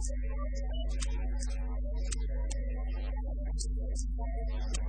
I'm going to go to the next slide.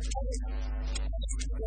Shri Shri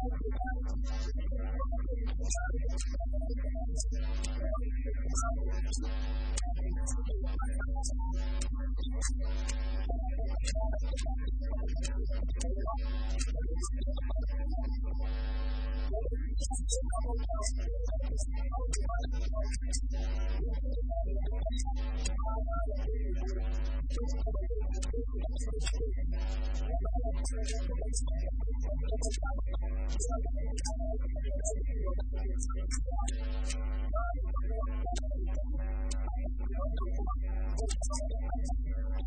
मिलंदा कंदी आ Thank you.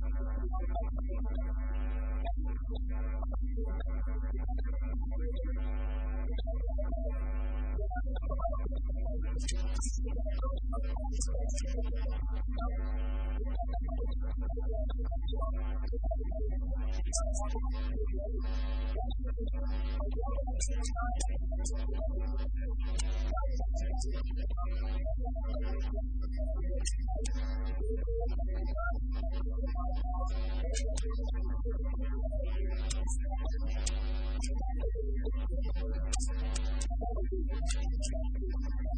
Thank you. असांजी मोदी लॻे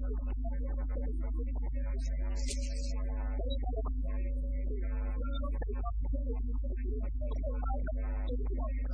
la you.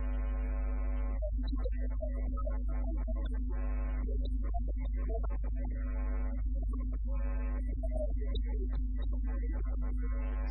Thank you.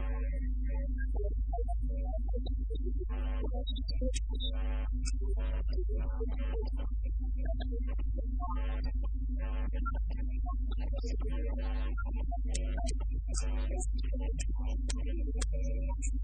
جيڪا 3.7 ۽ 3.8 ۾ 3.9 ۾ 3.10 ۾ 3.11 ۾ 3.12 ۾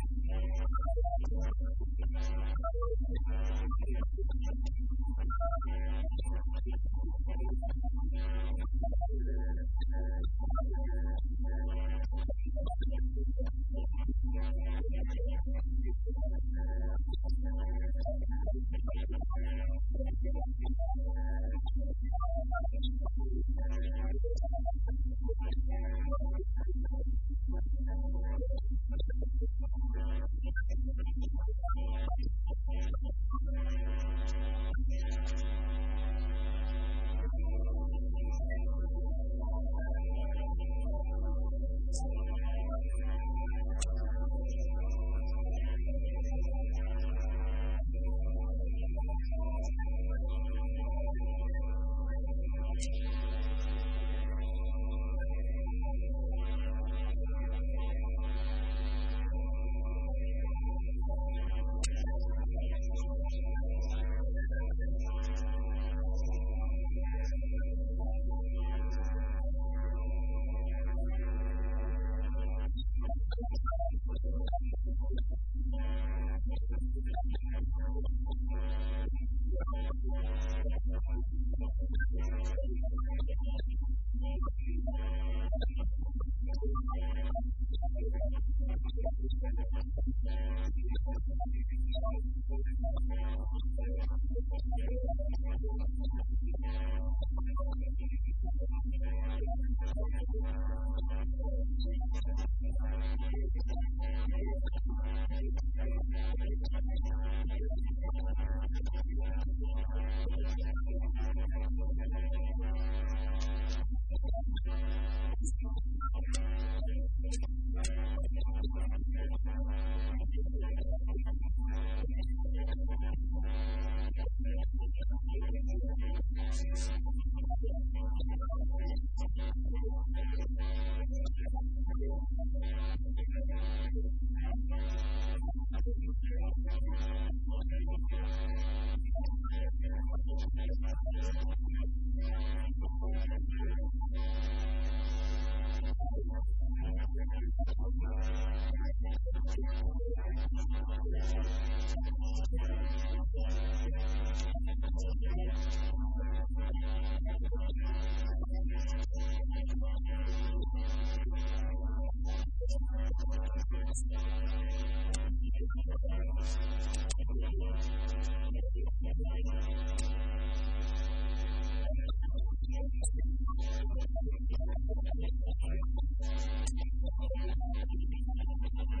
Jesus. I'm going to go to the next slide.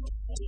Local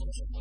Thank you.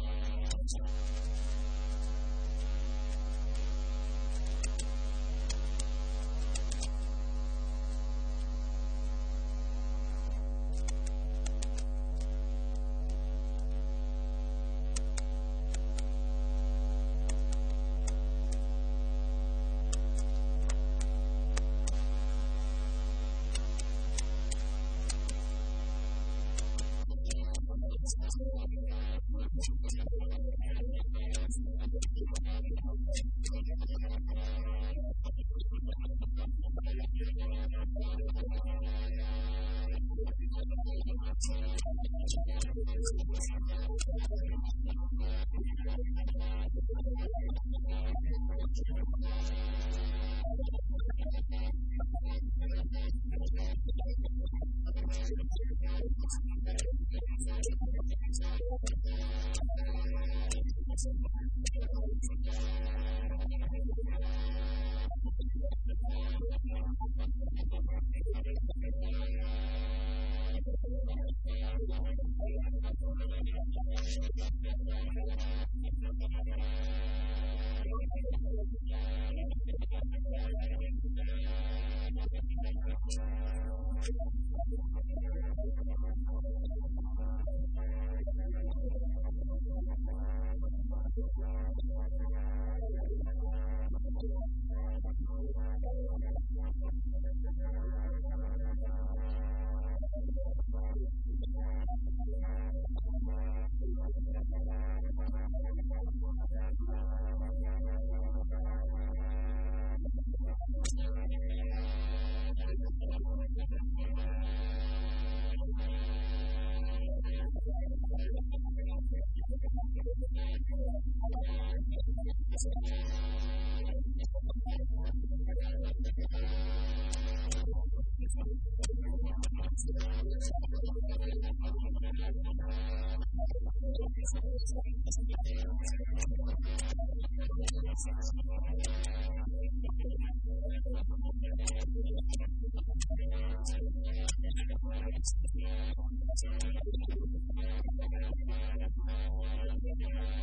कमु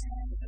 Jesus' name.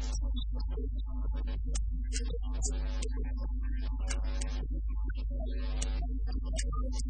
I'm going to go to the next one.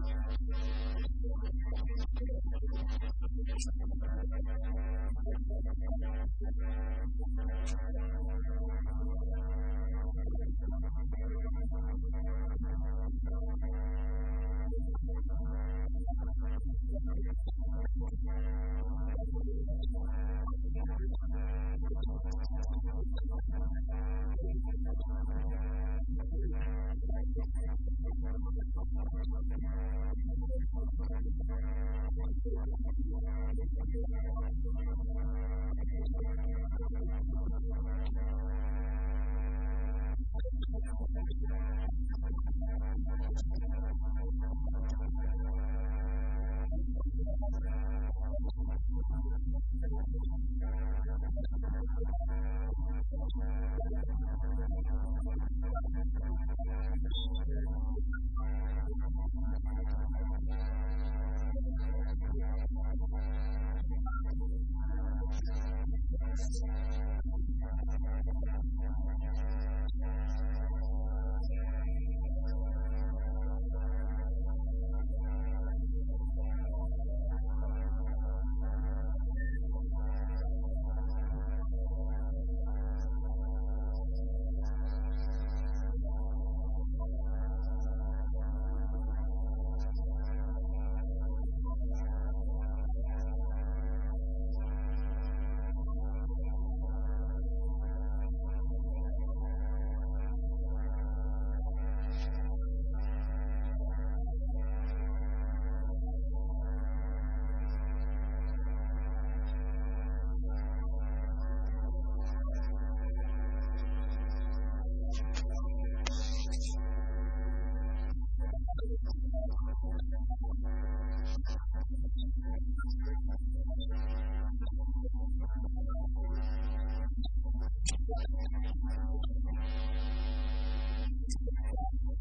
Thank you.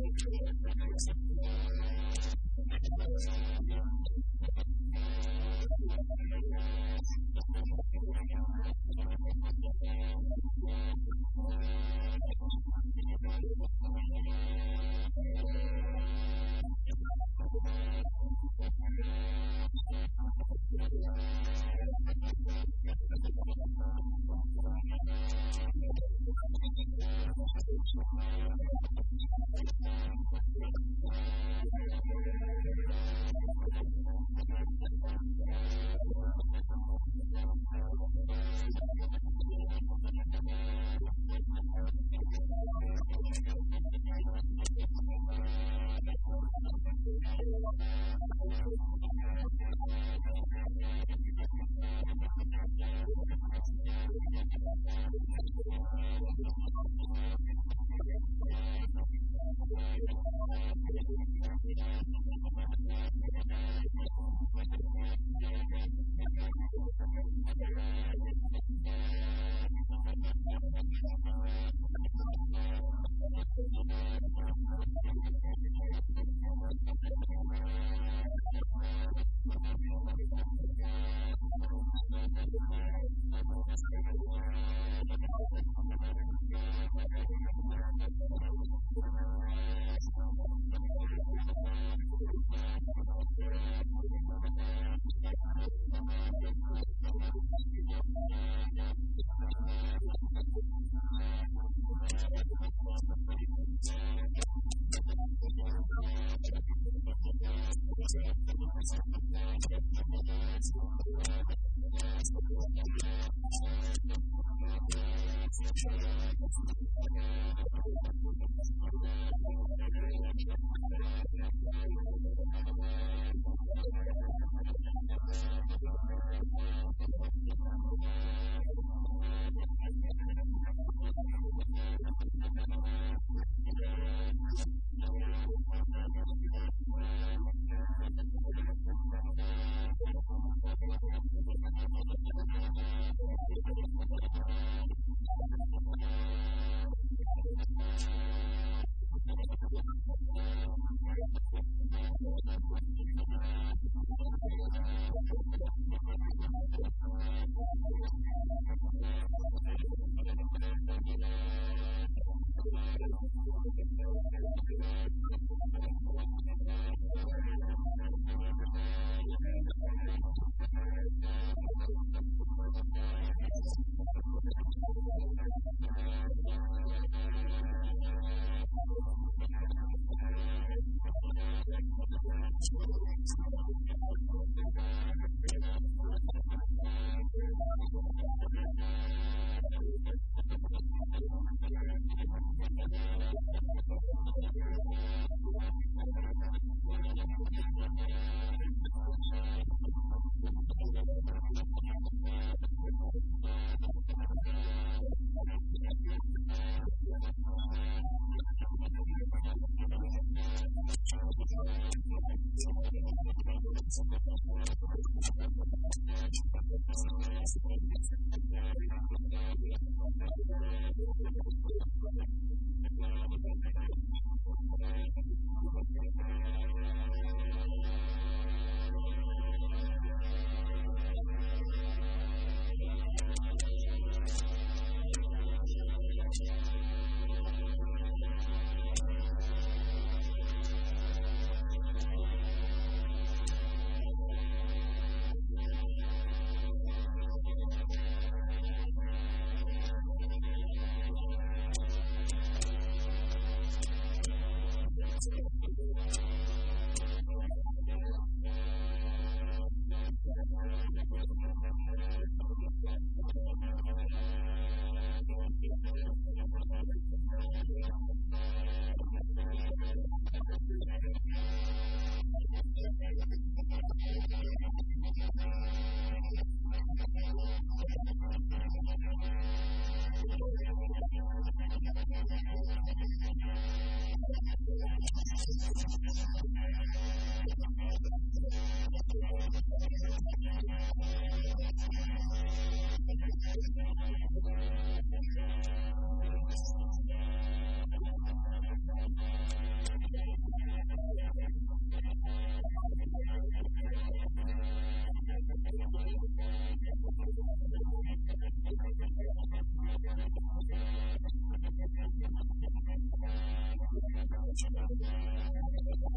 Thank you. Thank you. IFC when we got some information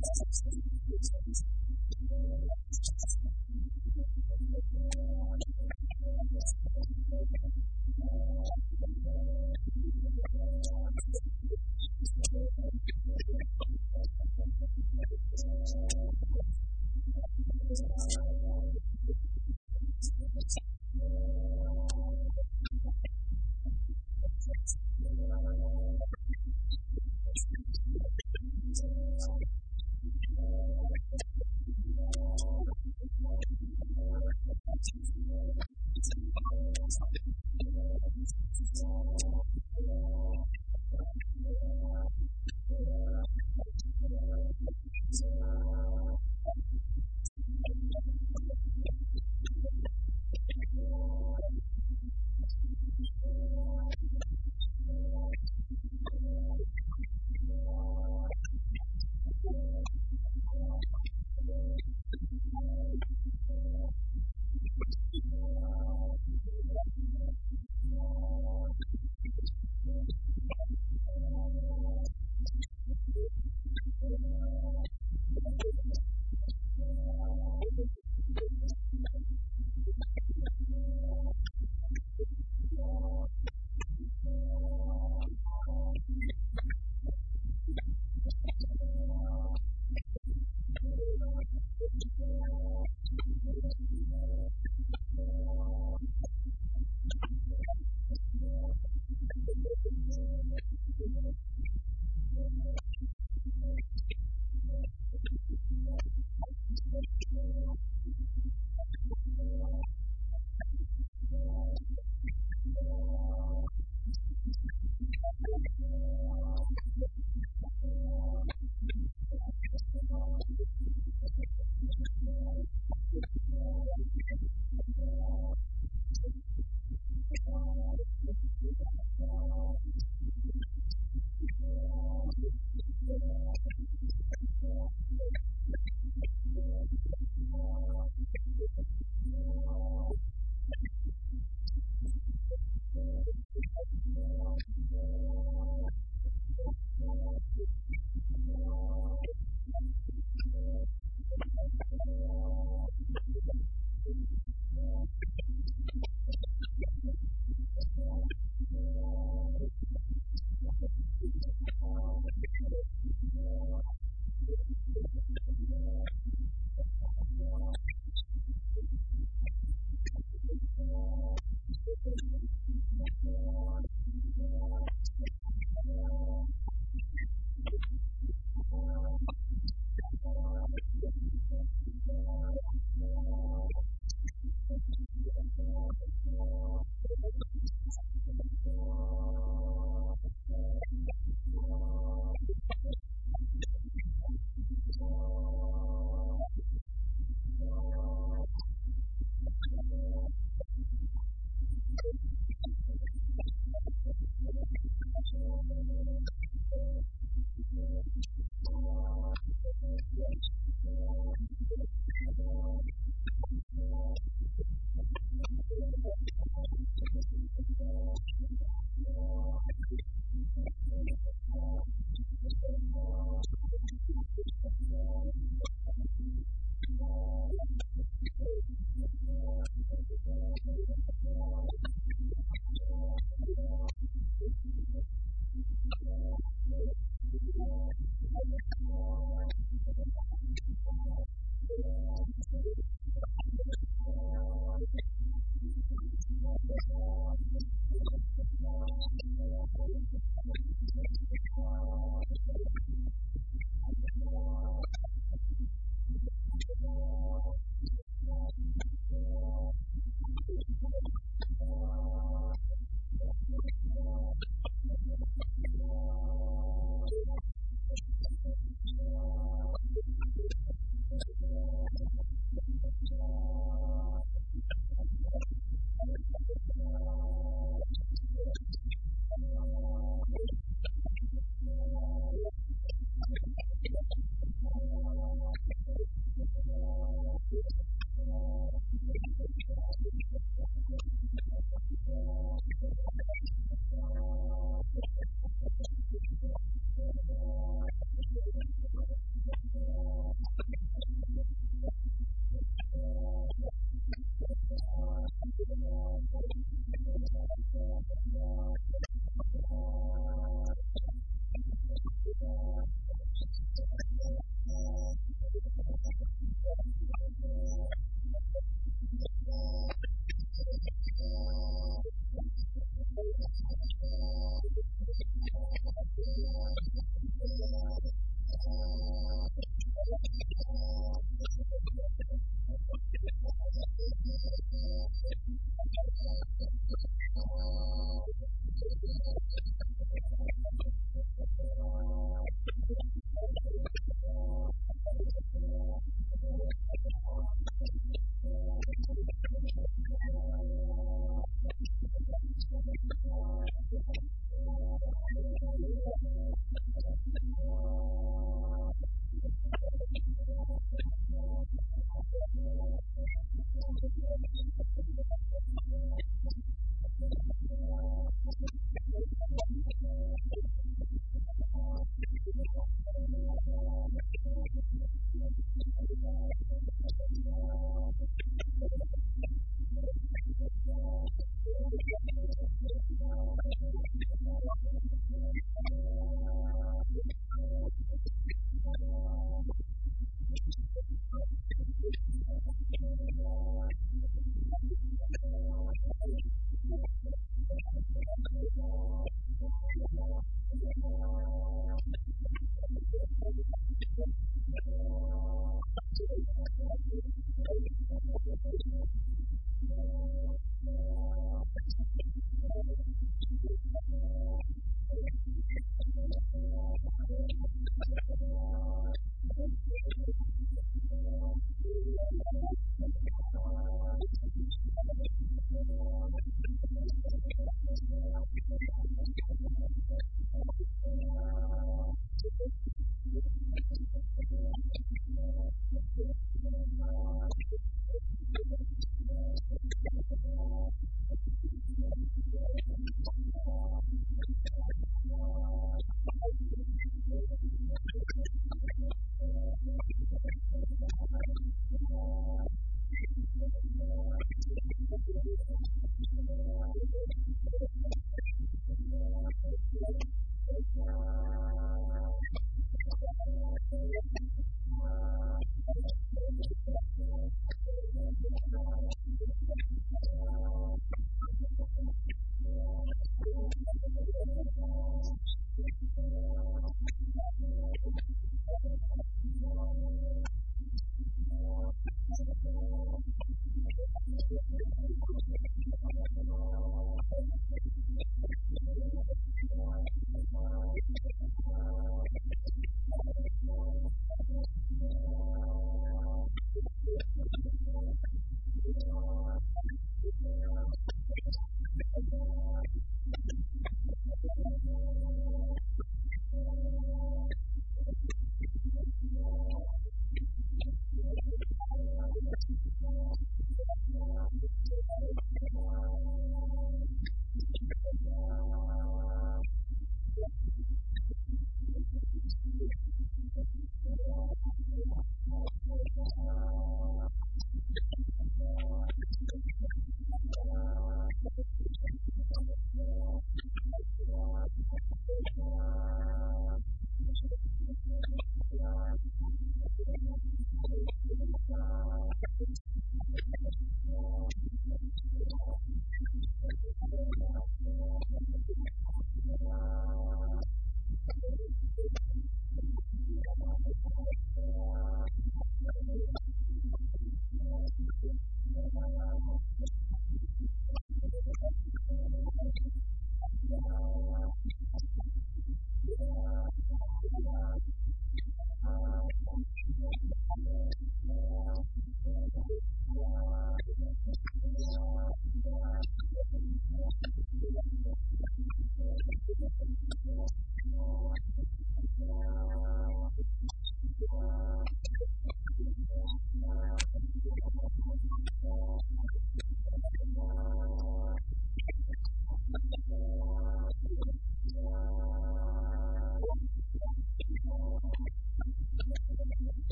Thank you.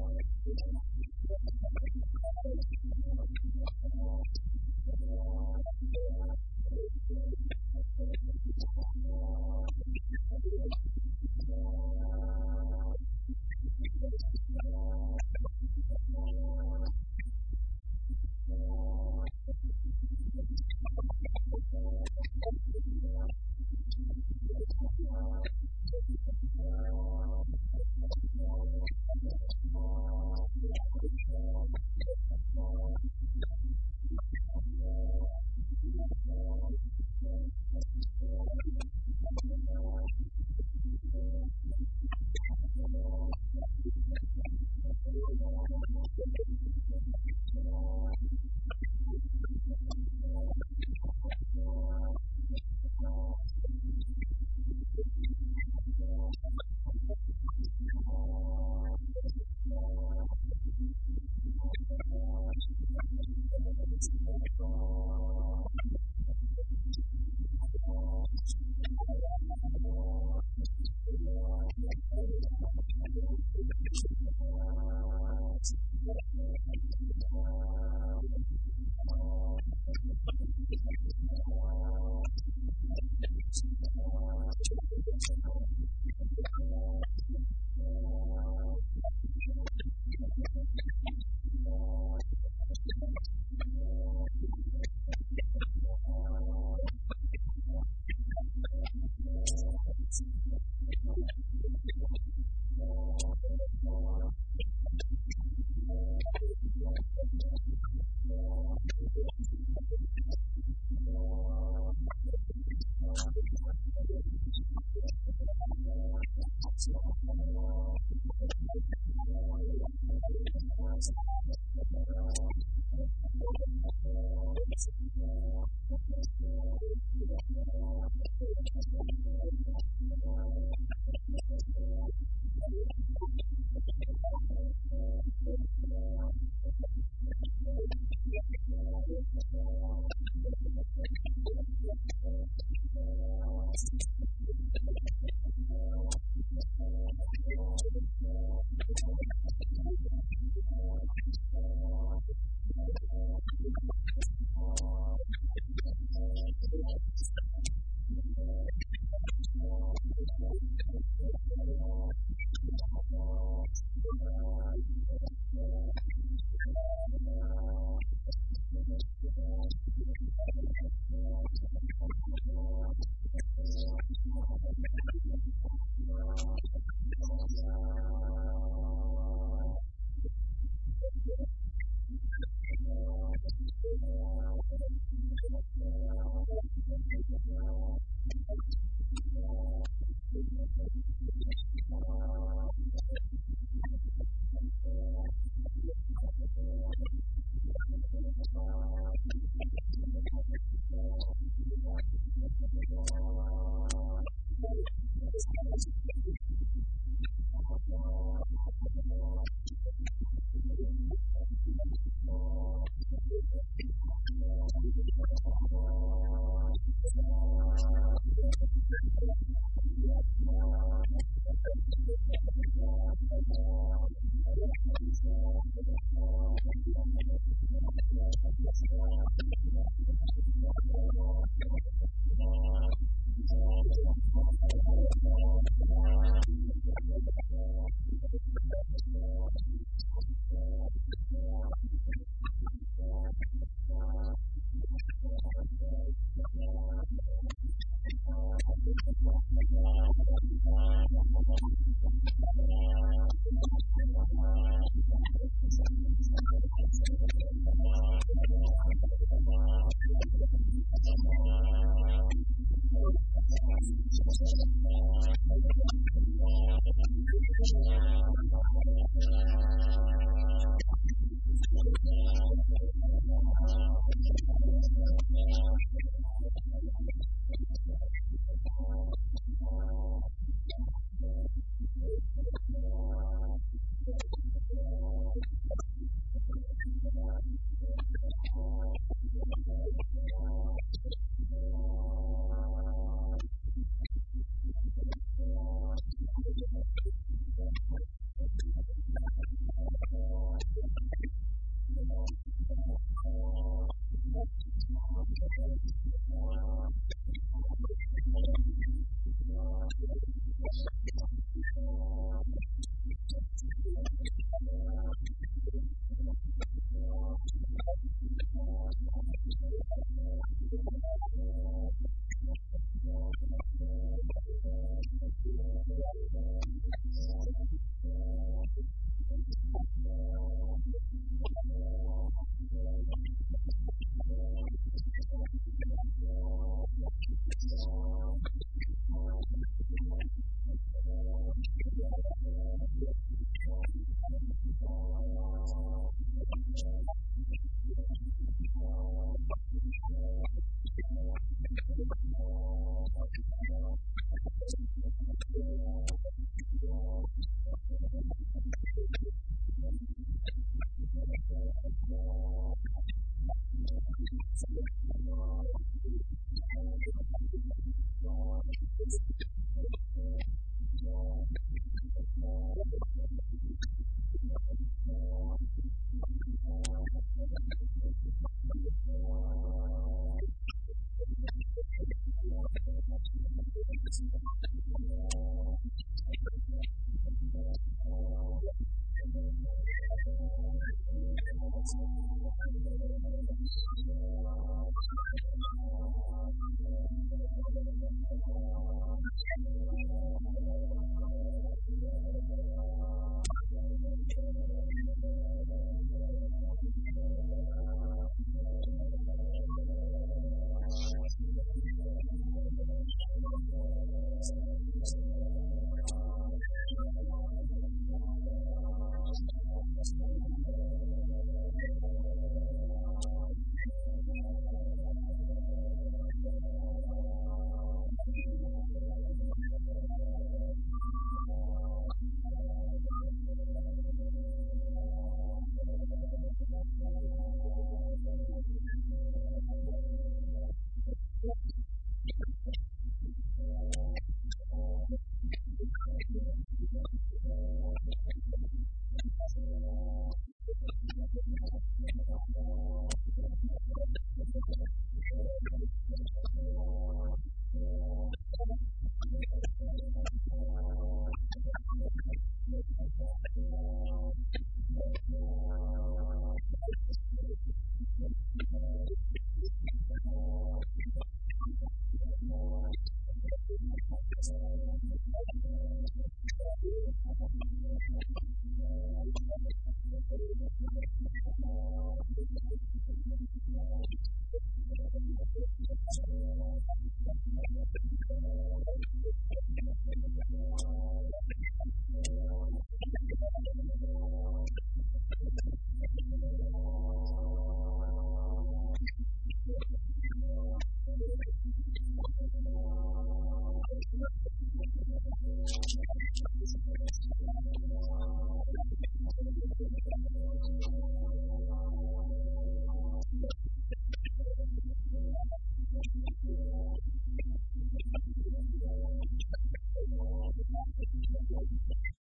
Thank you.